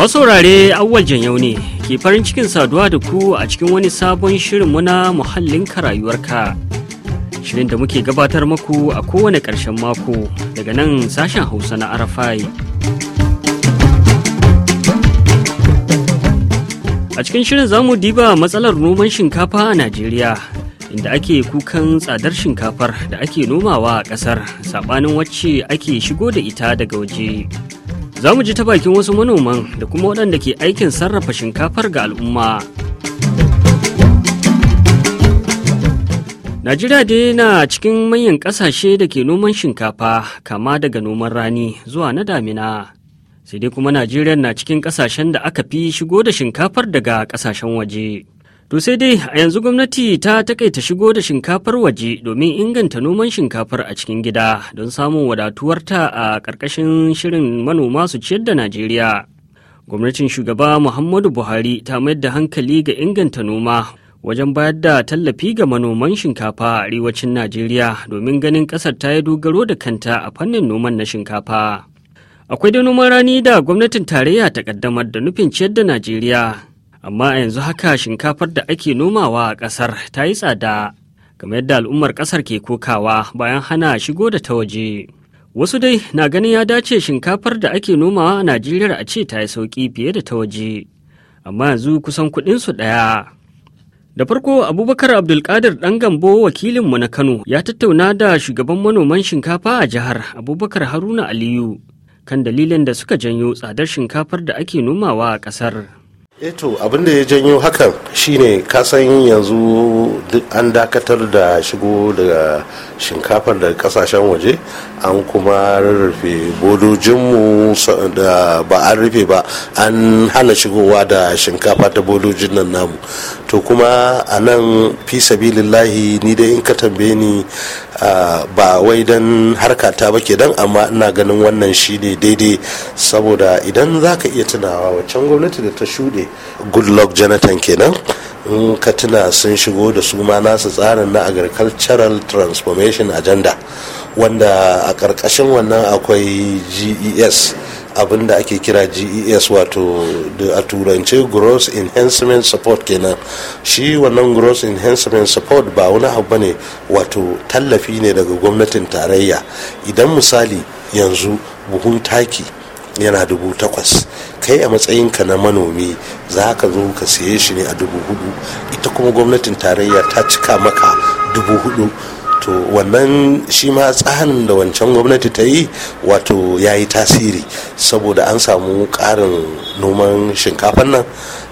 Masu saurare awwal yau ne ke farin cikin saduwa da ku a cikin wani sabon shirin muna muhallin rayuwarka. Shirin da muke gabatar maku a kowane ƙarshen mako daga nan sashen Hausa na Arafai. A cikin shirin zamu diba matsalar noman shinkafa a Najeriya inda ake kukan tsadar shinkafar da ake nomawa a ƙasar saɓanin wacce ake shigo da ita daga waje. Za mu ji ta bakin wasu manoman da kuma waɗanda ke aikin sarrafa shinkafar ga al'umma. Najeriya dai na cikin manyan ƙasashe da ke noman shinkafa kama daga noman rani zuwa na damina. Sai dai kuma Najeriya na cikin ƙasashen da aka fi shigo da shinkafar daga ƙasashen waje. To sai dai a yanzu gwamnati ta takaita shigo da shinkafar waje domin inganta noman shinkafar a cikin gida don samun wadatuwarta a ƙarƙashin shirin manoma su ciyar da Najeriya. Gwamnatin shugaba Muhammadu Buhari ta mayar da hankali ga inganta noma wajen bayar da tallafi ga manoman shinkafa a arewacin Najeriya domin ganin ƙasar ta yi dogaro da kanta a fannin noman na shinkafa. Akwai da noman rani da gwamnatin tarayya ta ƙaddamar da nufin ciyar da Najeriya amma yanzu haka shinkafar da ake nomawa a ƙasar ta yi tsada kamar yadda al'ummar ƙasar ke kokawa bayan hana shigo da ta waje wasu dai na ganin ya dace shinkafar da ake nomawa a najeriya a ce ta yi sauƙi fiye da ta waje amma yanzu kusan kuɗinsu ɗaya da farko abubakar abdulkadir ɗan gambo wakilinmu na kano ya tattauna da shugaban manoman shinkafa a jihar abubakar haruna aliyu kan dalilin da suka janyo tsadar shinkafar da ake nomawa a ƙasar eto eh abin da ya janyo hakan shine kasan yanzu duk an dakatar da shigo daga shinkafar da kasashen waje an kuma rarrafe bodojinmu da ba an rufe ba an hana shigowa da shinkafa ta bodojin nan namu to kuma a nan fi sabilillahi ni dai in ka tambaye ni ba wai don harka ta ba ke dan amma ina ganin wannan shine daidai saboda idan za ka iya tunawa waccan gwamnati da ta shuɗe goodluck jonathan kenan in ka tuna sun shigo da su ma nasu tsarin na agricultural transformation agenda wanda a ƙarƙashin wannan akwai ges abin da ake kira ges wato a turance gross enhancement support kenan shi wannan gross enhancement support ba wani abu ne wato tallafi ne daga gwamnatin tarayya idan misali yanzu buhun taki yana dubu takwas kai a matsayinka na manomi za ka zo ka saye shi ne a dubu hudu ita kuma gwamnatin tarayya ta cika maka dubu hudu wato wannan shi ma tsarin da wancan gwamnati ta yi wato ya yi tasiri saboda an samu ƙarin noman shinkafan nan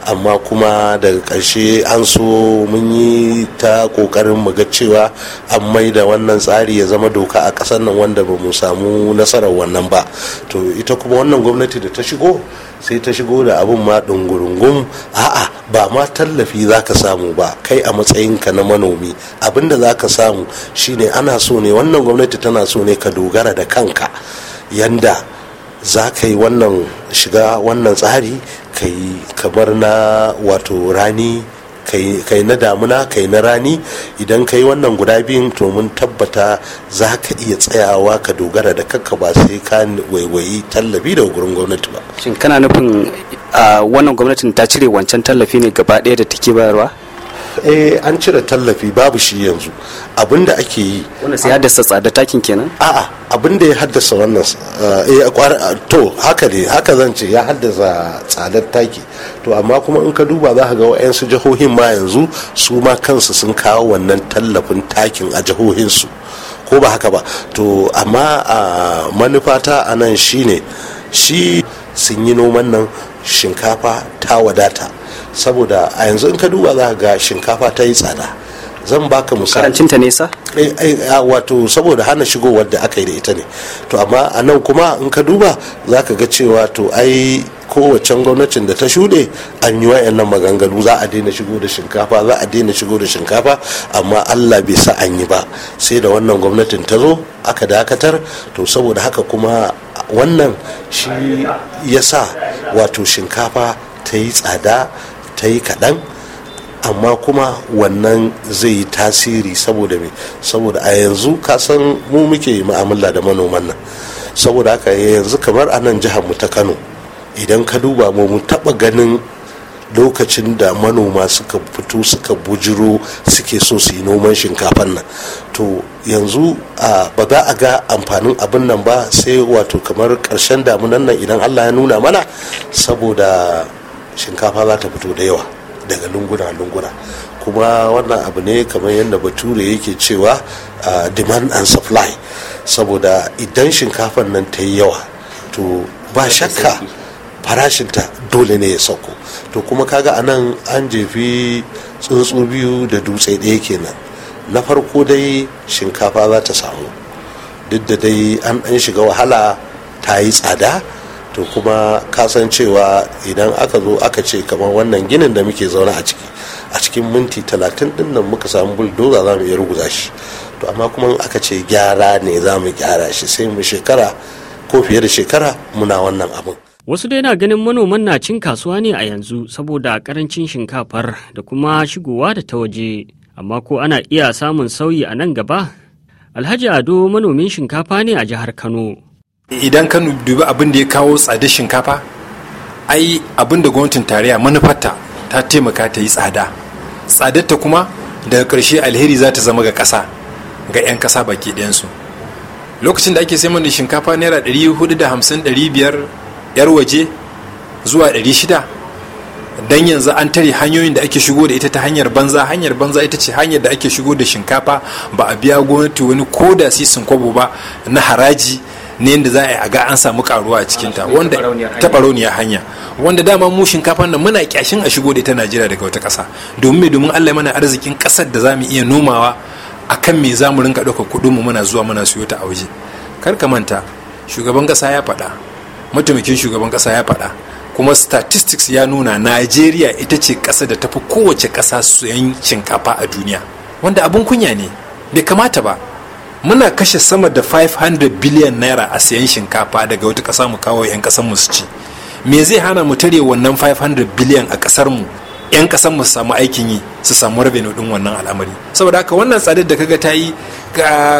amma kuma daga ƙarshe an so mun yi ta ƙoƙarin mu ga cewa an mai da wannan tsari ya zama doka a ƙasar nan wanda ba mu samu nasarar wannan ba to ita kuma wannan gwamnati da ta shigo sai ta shigo da abin ma ɗungurungun a'a ba ma tallafi za ka samu ba kai a matsayinka na manomi abin da za ka samu shine ana so ne wannan gwamnati tana so ne ka dogara da kanka yanda za ka yi wannan shiga wannan tsari ka yi kamar na wato rani kai na damuna kai na rani idan kai wannan guda biyun to mun tabbata za ka iya tsayawa ka dogara da kakka ba sai ka waiwayi tallafi daga gurin gwamnati ba shin kana nufin wannan gwamnatin ta cire wancan tallafi ne gaba ɗaya da take bayarwa eh an cire tallafi babu shi yanzu abinda ake yi wanda sai haddasa tsada takin kenan a'a abinda ya haddasa wannan eh, eh to haka ne haka zan ce ya haddasa tsadar taki to amma kuma in ka duba za ka ga wayansu jihohin ma yanzu su ma kansu sun kawo wannan tallafin takin a su ko ba haka ba to amma a ah, manufata a nan shine shi sun yi noman nan shinkafa ta wadata saboda a yanzu in ka duba za ga shinkafa ta yi tsada zan baka musa. karancinta nesa eh, eh, wato saboda hana shigowar da aka yi da ita ne to amma a nan kuma in ka duba za ka ga cewa to ai kowacen gwamnatin da ta shuɗe an yi wa'annan maganganu za a daina shigo da shinkafa za a daina shigo da shinkafa amma allah bai sa an yi ba sai da wannan gwamnatin ta zo aka dakatar to saboda haka kuma wannan shi ya sa wato shinkafa ta yi tsada ta yi kaɗan amma kuma wannan zai yi tasiri saboda me saboda a yanzu kasan mu muke mu'amala da manoman nan saboda haka yanzu kamar a nan jihar mu ta kano idan ka duba mu taɓa ganin lokacin da manoma suka fito suka bujiro suke so su yi noman shinkafan nan to yanzu ba za a ga amfanin abin nan ba sai wato kamar karshen damunan nan idan allah ya nuna mana saboda shinkafa za ta fito da yawa daga lunguna-lunguna kuma wannan abu ne kamar yadda bature yake cewa demand and supply saboda idan shinkafan nan ta yi yawa to ba shakka ta dole ne ya sauko to kuma kaga a nan an jefi tsuntsu biyu da dutse ɗaya kenan na farko dai shinkafa za ta samu duk da dai an ɗan shiga wahala ta yi tsada to kuma kasancewa idan aka zo aka ce kamar wannan ginin da muke zaune a ciki a cikin minti talatin din nan muka samu buldoza za mu iya ruguza shi to amma kuma aka ce gyara ne za mu gyara shi sai mu shekara ko fiye da shekara muna wannan abin Wasu dai na ganin manoman na cin kasuwa ne a yanzu saboda karancin shinkafar da kuma shigowa da ta waje, amma ko ana iya samun sauyi a nan gaba? Alhaji Ado manomin shinkafa ne a jihar Kano. Idan ka dubi abin da ya kawo tsadar shinkafa, ai abin da gwamnatin tarayya manufarta ta taimaka ta yi tsada. tsadar ta kuma daga karshe alheri za ta zama ga kasa ga 'yan kasa baki ɗayansu. Lokacin da ake sai mana shinkafa naira ɗari hudu da hamsin ɗari biyar 'yar waje zuwa shida dan yanzu an tare hanyoyin da ake shigo da ita ta hanyar banza hanyar banza ita ce hanyar da ake shigo da shinkafa ba a biya gwamnati wani ko da sisin kwabo ba na haraji ne yadda za a yi a ga an samu karuwa a cikinta wanda taɓarauniya hanya wanda dama mu shinkafa nan muna kyashin a shigo da ita najeriya daga wata kasa domin mai domin allah mana arzikin kasar da za mu iya nomawa a kan me za mu rinka ɗaukar kuɗinmu muna zuwa muna siyo ta a waje kar ka manta shugaban ƙasa ya faɗa mataimakin shugaban kasa ya faɗa kuma statistics ya nuna najeriya ita ce ƙasa da tafi kowace ƙasa sayan shinkafa a duniya wanda abun kunya ne bai kamata ba muna kashe sama da 500 biliyan naira a sayan shinkafa daga wata ƙasa mu kawo 'yan ƙasar mu su ci me zai hana mu tare wannan 500 biliyan a ƙasar mu 'yan ƙasar mu samu aikin yi su samu rabe din wannan al'amari saboda haka wannan tsadar da kaga ta yi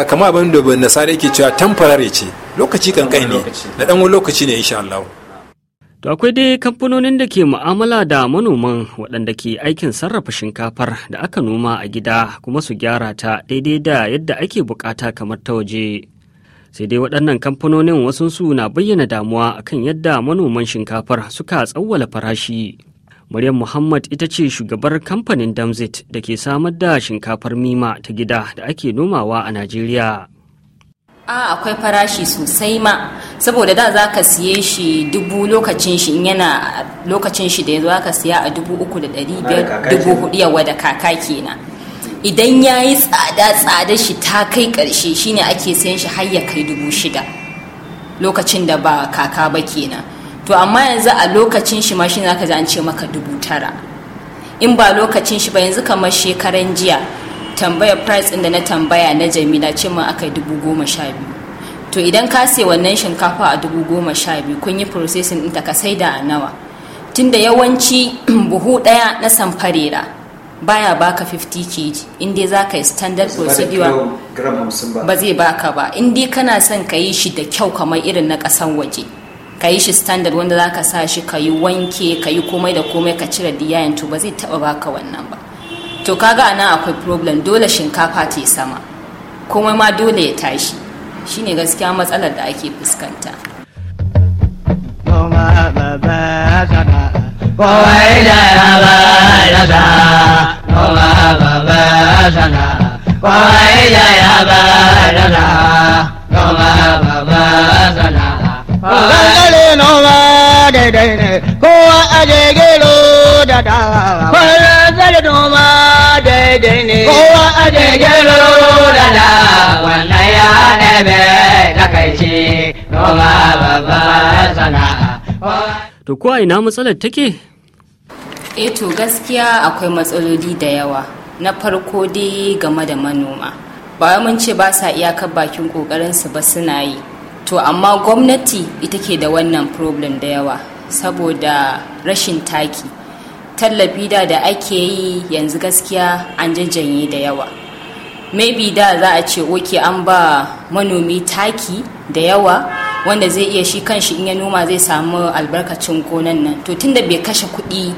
kama abin da nasara yake cewa temporary ce lokaci kankai ne na dan wani lokaci ne insha Allah To akwai dai kamfanonin da ke mu'amala da manoman waɗanda ke aikin sarrafa shinkafar da aka noma a gida kuma su gyara ta daidai da yadda ake bukata kamar ta waje. Sai dai waɗannan kamfanonin su na bayyana damuwa akan yadda manoman shinkafar suka tsawwala farashi Maryam Muhammad ita ce shugabar kamfanin Damzit da ke samar da shinkafar mima ta gida da ake nomawa a Najeriya. A akwai farashi sosai ma, saboda da za ka siye shi dubu lokacin shi in yana lokacin shi da ya ka siya a dubu uku da ɗari biyar dubu hudu yawa da kaka kenan. Idan ya yi tsada tsada shi ta kai ƙarshe shine ake sayan shi har ya kai dubu shida lokacin da ba kaka ba kenan. to amma yanzu a lokacin shi ma shi zaka ji an ce maka dubu tara in ba lokacin shi ba yanzu kamar shekaran jiya tambaya price ɗin da na tambaya na jamila ce ma aka yi dubu goma sha biyu to idan ka sai wannan shinkafa a dubu goma sha biyu kun yi processing ɗinta ka sai da a nawa tunda yawanci buhu ɗaya na samfarera baya baka 50 kg in dai za ka yi standard procedure ba zai baka ba in dai kana son ka yi shi da kyau kamar irin na ƙasan waje ka yi shi standard wanda za ka sa shi ka yi wanke ka yi komai da komai ka cire diyayen to ba zai taɓa baka wannan ba to kaga ana akwai problem dole shinkafa ta sama komai ma dole ya tashi shine gaskiya matsalar da ake fuskanta Kwa ya ba da da, kwa ba ba Bangare noma daidai ne, kowa aje gero da dawa. Bangare noma daidai ne, kowa aje gero da dawa. Wannan ya ɗabe takaici noma babban sana'a. To kuwa ina matsalar take? E to gaskiya akwai matsaloli da yawa. Na farko dai game da manoma. Ba mun ce ba sa iyakar bakin ƙoƙarinsu ba suna yi. to amma gwamnati ita ke da wannan problem da yawa saboda rashin taki tallafi da da ake yi yanzu gaskiya an jajjanye da yawa maybe da za a ce oke an ba manomi taki da yawa wanda zai iya shi kanshi in ya noma zai samu albarkacin gonan nan to tunda bai kashe kuɗi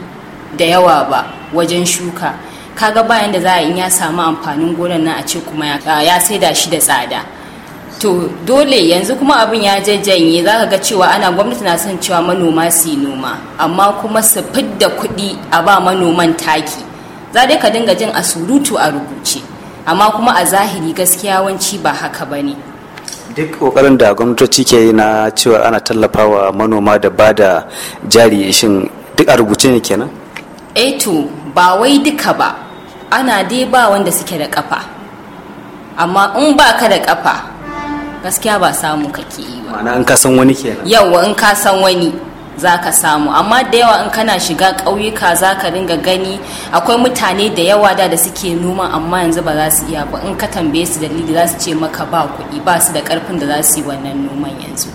da yawa ba wajen shuka kaga bayan da za a in ya samu amfanin gonan nan a ce kuma ya saida shi da tsada to dole yanzu kuma abin ya jajjanye za ka ga cewa ana gwamnati na son cewa manoma su yi noma amma kuma su fidda kuɗi a ba manoman taki za dai ka dinga jin a surutu a rubuce amma kuma a zahiri gaskiya wanci ba haka ba ne duk kokarin da gwamnatoci ke yi na cewa ana tallafawa manoma da ba da jari shin duk a rubuce ne kenan eh to ba wai duka ba ana dai ba wanda suke da kafa amma in ba ka da kafa gaskiya ba samu kake yi ba ma'ana in ka san wani kenan yawa in ka san wani za ka samu amma da yawa in kana shiga ƙauyuka za ka ringa gani akwai mutane da yawa da da suke noma amma yanzu ba za su iya ba in ka tambaye su dalili za su ce maka ba kuɗi ba su da ƙarfin da za su yi wannan noman yanzu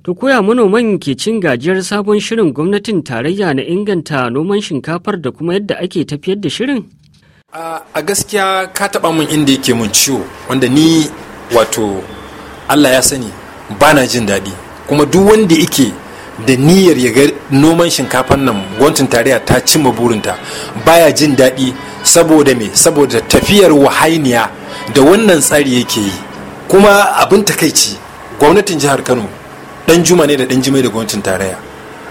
To koya manoman ke cin gajiyar sabon shirin gwamnatin tarayya na inganta noman shinkafar da kuma yadda ake tafiyar da shirin? A gaskiya ka taɓa mun inda yake mun ciwo wanda ni wato allah ya sani ba na jin daɗi kuma duk wanda yake da niyyar ya ga noman shinkafan nan gwamnatin tarayya ta cimma burinta baya jin daɗi saboda me saboda tafiyar wahainiya da wannan tsari yake yi kuma abin takaici gwamnatin jihar kano dan juma ne da dan jimai da gwamnatin tarayya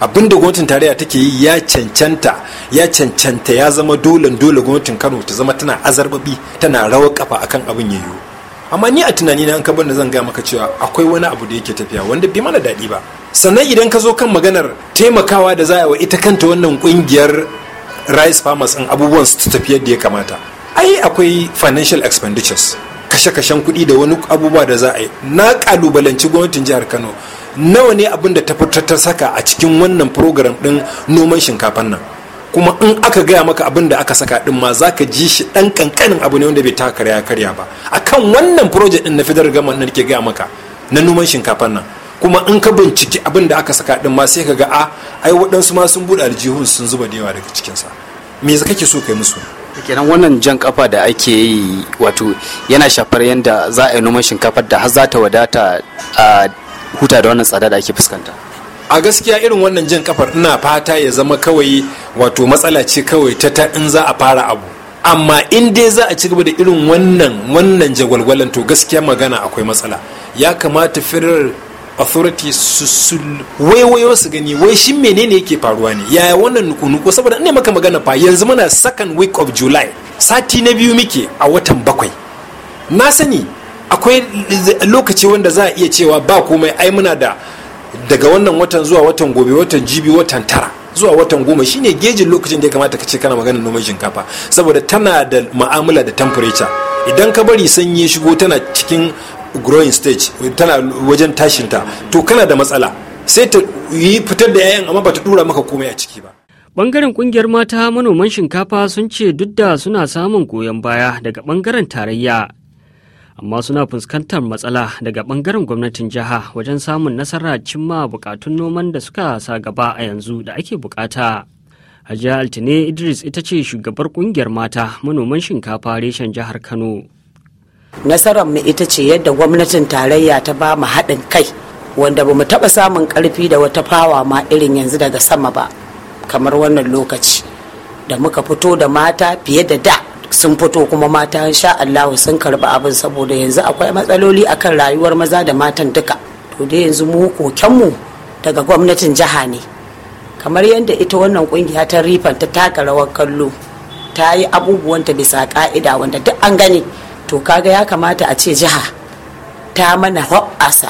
abin da gwamnatin tarayya take yi ya cancanta ya cancanta ya zama dole dole gwamnatin kano ta zama tana azarbabi tana rawar kafa akan abin yayyo amma ni a tunani na ka banda zan gaya maka cewa akwai wani abu da yake tafiya wanda bai mana daɗi ba sannan idan ka zo kan maganar taimakawa da za a wa ita kanta wannan kungiyar rice farmers in abubuwan su tafi yadda ya kamata ai akwai financial expenditures kashe-kashen kuɗi da wani abubuwa da za a yi na kalubalanci gwamnatin jihar kano nawa ne abin da ta fitar ta saka a cikin wannan program ɗin noman shinkafan nan kuma in aka gaya maka abin da aka saka din ma za ka ji shi dan kankanin abu ne wanda bai taka karya karya ba akan wannan project din na federal government da ke gaya maka na numan shinkafan nan kuma in ka binciki abin da aka saka din ma sai ka ga a ah, ai waɗansu ma sun buɗe aljihun sun zuba da yawa daga cikinsa me za kake so kai musu kenan wannan jan kafa da ake yi wato yana shafar yadda za a yi noman shinkafar da har za ta wadata a huta da wannan tsada da ake fuskanta a gaskiya irin wannan jan kafar ina fata ya zama kawai wato matsala ce kawai ta ta in za a fara abu amma in dai za a ci gaba da irin wannan wannan jagwalgwalan to gaskiya magana akwai matsala ya kamata federal authority su waiwayo su gani wai shin menene yake faruwa ne yaya wannan nuku-nuku saboda ina maka magana fa yanzu muna second week of july sati na biyu muke a watan bakwai na sani akwai lokaci wanda za a iya cewa ba komai ai muna da daga wannan watan zuwa watan gobe watan jibi watan tara zuwa watan goma shine gejin lokacin da ya kamata ka ce kana magana noman shinkafa saboda tana da ma'amala da temperature idan ka bari sanyi shigo tana cikin growing stage tana wajen tashinta to kana da matsala sai ta yi fitar da 'ya'yan amma ba ta dura maka komai a ciki ba Bangaren kungiyar mata manoman shinkafa sun ce duk da suna samun goyon baya daga bangaren tarayya amma suna fuskantar matsala daga bangaren gwamnatin jiha wajen samun nasara cimma bukatun noman da suka sa gaba a yanzu da ake bukata. Hajiya Altine Idris ita ce shugabar kungiyar mata manoman shinkafa reshen jihar Kano. Nasarar mu ita ce yadda gwamnatin tarayya ta ba mu haɗin kai wanda ba mu taɓa samun ƙarfi da wata fawa ma irin yanzu daga sama ba kamar wannan lokaci da muka fito da mata fiye da da sun fito kuma mata sha Allahu sun karba abin saboda yanzu akwai matsaloli akan rayuwar maza da matan duka to dai yanzu mu kokenmu daga gwamnatin jiha ne kamar yadda ita wannan kungiya ta rifan ta taka rawar kallo ta yi ta bisa ka'ida wanda duk an gani to kaga ya kamata a ce jiha ta mana hoɓasa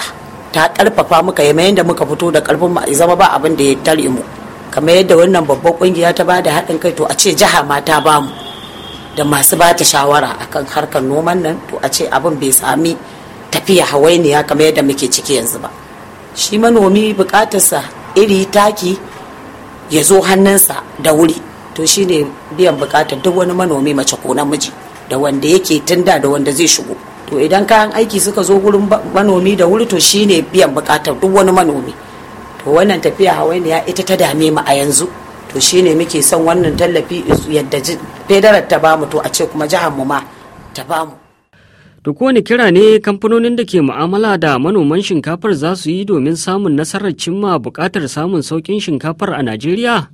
ta ƙarfafa muka yamma yadda muka fito da karfin mu zama ba abin da ya tare mu kamar yadda wannan babbar kungiya ta bada haɗin kai to a ce jiha ma ta bamu da masu ba ta shawara akan harkar noman nan to a ce abin bai sami tafiya hawainiya kamar yadda muke ciki yanzu ba shi manomi bukatarsa iri taki ya zo hannunsa da wuri to shi ne biyan bukatar duk wani manomi mace ko namiji da wanda yake tunda da wanda zai shigo to idan kayan aiki suka zo wurin manomi da wuri to shi ne biyan bukatar duk wani manomi to wannan tafiya hawainiya ita ta dame mu a yanzu to shine muke son wannan tallafi yadda federal ta bamu to a ce kuma jihar mu ma ta bamu to kowane kira ne kamfanonin da ke mu'amala da manoman shinkafar za su yi domin samun nasarar cimma buƙatar samun saukin shinkafar a najeriya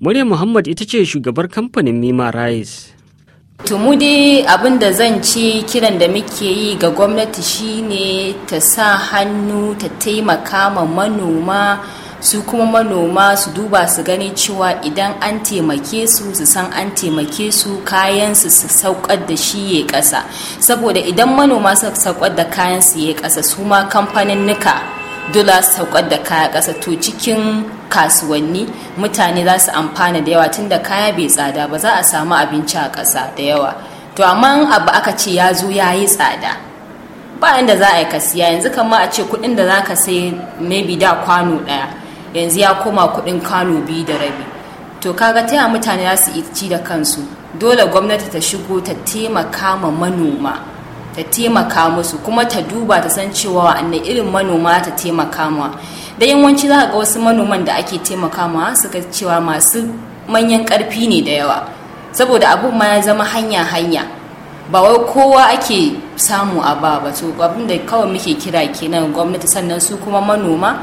murya muhammad ita ce shugabar kamfanin mima rice tumudi abin da zan ci kiran da muke yi ga gwamnati shine ta sa hannu ta taimaka ma manoma su kuma manoma su duba su gani cewa idan an taimake su su san an taimake su kayan su su saukar da shi ya kasa saboda idan manoma su saukar da kayan su ya kasa su ma kamfanin nika dula su saukar da kaya kasa to cikin kasuwanni mutane za su amfana da yawa tunda kaya bai tsada ba za a samu abinci a kasa da yawa to amma abu aka ce ya zo ya yi tsada ba inda za a yi kasiya yanzu kama a ce kudin da za ka sai maybe da kwano daya yanzu ya koma kudin kano biyu da rabi to kaga taya mutane za su ci da kansu dole gwamnati ta shigo ta taimaka ma manoma ta taimaka musu kuma ta duba ta san cewa wa'anne irin manoma ta taimaka ma da yawanci za ga wasu manoman da ake taimaka ma suka cewa masu manyan karfi ne da yawa saboda abun ma ya zama hanya hanya ba wai kowa ake samu a ba ba to abin da kawai muke kira kenan gwamnati sannan su kuma manoma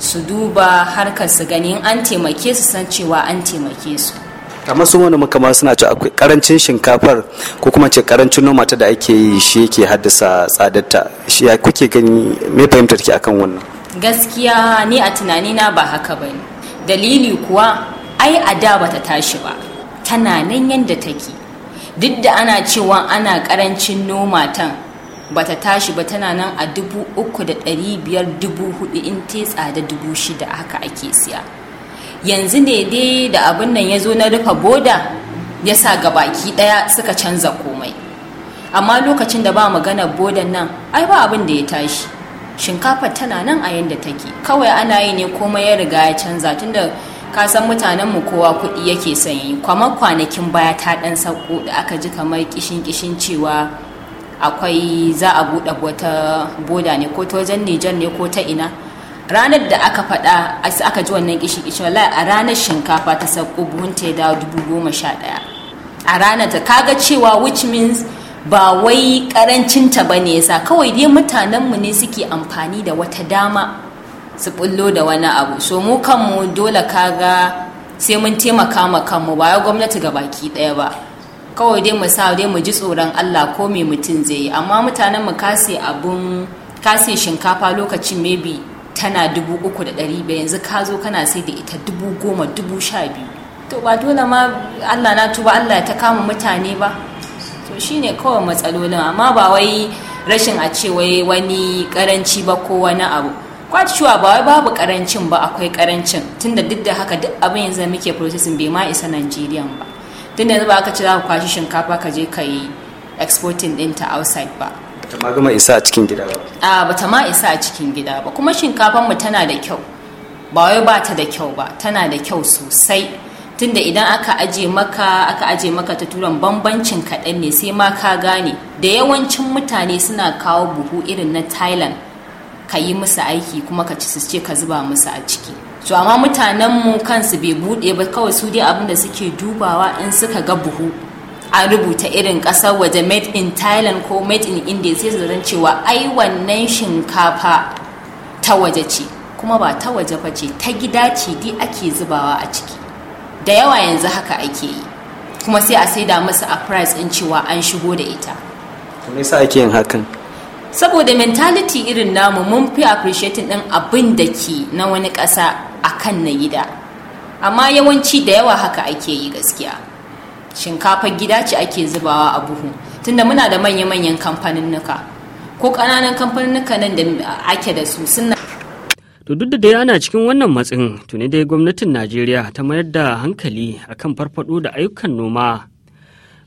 su duba harkar su gani an taimake su san cewa an taimake su kamar su wani makama suna ci akwai karancin shinkafar ko kuma ce karancin noma ta da ake yi shi yake haddasa tsadarta shi ya kuke gani me fahimtar ki akan wannan gaskiya ni a tunani na ba haka ba ne dalili kuwa ai a da bata tashi ba tana nan yadda take duk da ana cewa ana karancin noma tan bata tashi ba tana nan a dubu uku da ɗari biyar dubu hudu in te tsada dubu shida haka ake siya yanzu ne dai da abin nan ya zo na rufe boda ya sa baki ɗaya suka canza komai amma lokacin da ba magana bodan nan ai ba abin da ya tashi shinkafar tana nan a yadda take kawai ana yi ne komai ya riga ya canza tunda ka san mutanenmu kowa kuɗi yake sanyi. yi kwama kwanakin baya ta ɗan sauko da aka ji kamar kishin kishin cewa akwai za a buɗe wata boda ne ko ta wajen nijar ne ko ta ina ranar da aka faɗa aka ji wannan kishi kishi wallahi a ranar shinkafa ta sauko buhun ta ya dawo dubu goma sha ɗaya a ranar ta kaga cewa which means ba wai ta ba ne yasa kawai dai mu ne suke amfani da wata dama su bullo da wani abu so mu kanmu dole kaga sai mun taimaka ma kanmu ba ya gwamnati ga baki ɗaya ba kawai dai mu sa dai mu ji tsoron Allah ko me mutum zai yi amma mutanen mu kase abun kase shinkafa lokacin maybe tana dubu uku da ɗari biyar yanzu ka zo kana sai da ita dubu goma dubu sha biyu to ba dole ma Allah na tuba Allah ta kama mutane ba to shine kawai matsalolin amma ba wai rashin a ce wai wani karanci ba ko wani abu kwacewa ba wai babu karancin ba akwai karancin tunda duk da haka duk abin yanzu muke processing bai ma isa Najeriya ba tun da ba aka ce za kwashi shinkafa ka je ka yi exporting ɗinta outside ba bata ma gama isa a cikin gida ba a bata ma isa a cikin gida ba kuma shinkafan mu tana da kyau ba wai ba ta da kyau ba tana da kyau sosai tunda idan aka aje maka aka aje maka ta turan bambancin kaɗan ne sai ma ka gane da yawancin mutane suna kawo buhu irin na thailand ka yi musu aiki kuma ka ci su ce ka zuba musu a ciki to amma mutanen mu kansu bai bude ba kawai su dai abin da suke dubawa in suka ga buhu an rubuta irin kasar waje made in thailand ko made in india sai su zan cewa ai wannan shinkafa ta waje ce kuma ba ta waje ba ce ta gida ce dai ake zubawa a ciki da yawa yanzu haka ake yi kuma sai a saida masa a price in cewa an shigo da ita me yasa ake yin hakan saboda mentality irin namu mun fi appreciating din abin da ke na wani ƙasa akan na gida amma yawanci da yawa haka ake yi gaskiya shinkafar gida ce ake zubawa a buhu tunda muna da manya-manyan kamfaninnuka ko ƙananan kamfaninnuka nan da ake da su suna to duk da dai ana cikin wannan matsin tuni dai gwamnatin najeriya ta mayar da hankali akan farfado da ayyukan noma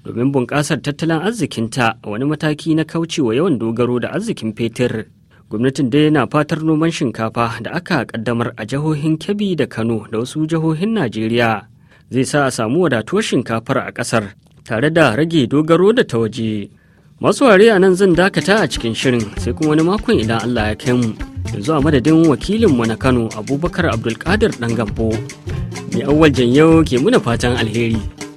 domin bunƙasar tattalin arzikinta wani mataki na kaucewa yawan dogaro da arzikin fetur. gwamnatin dai na fatar noman shinkafa da aka kaddamar a jihohin kebbi da kano da wasu jihohin najeriya zai sa a samu wadatuwar shinkafar a ƙasar tare da rage dogaro da ta waje masu ware a nan zan dakata a cikin shirin sai kuma wani makon idan allah ya kai mu yanzu a madadin wakilin mu na kano abubakar abdulkadir dan gambo mai awal yau ke muna fatan alheri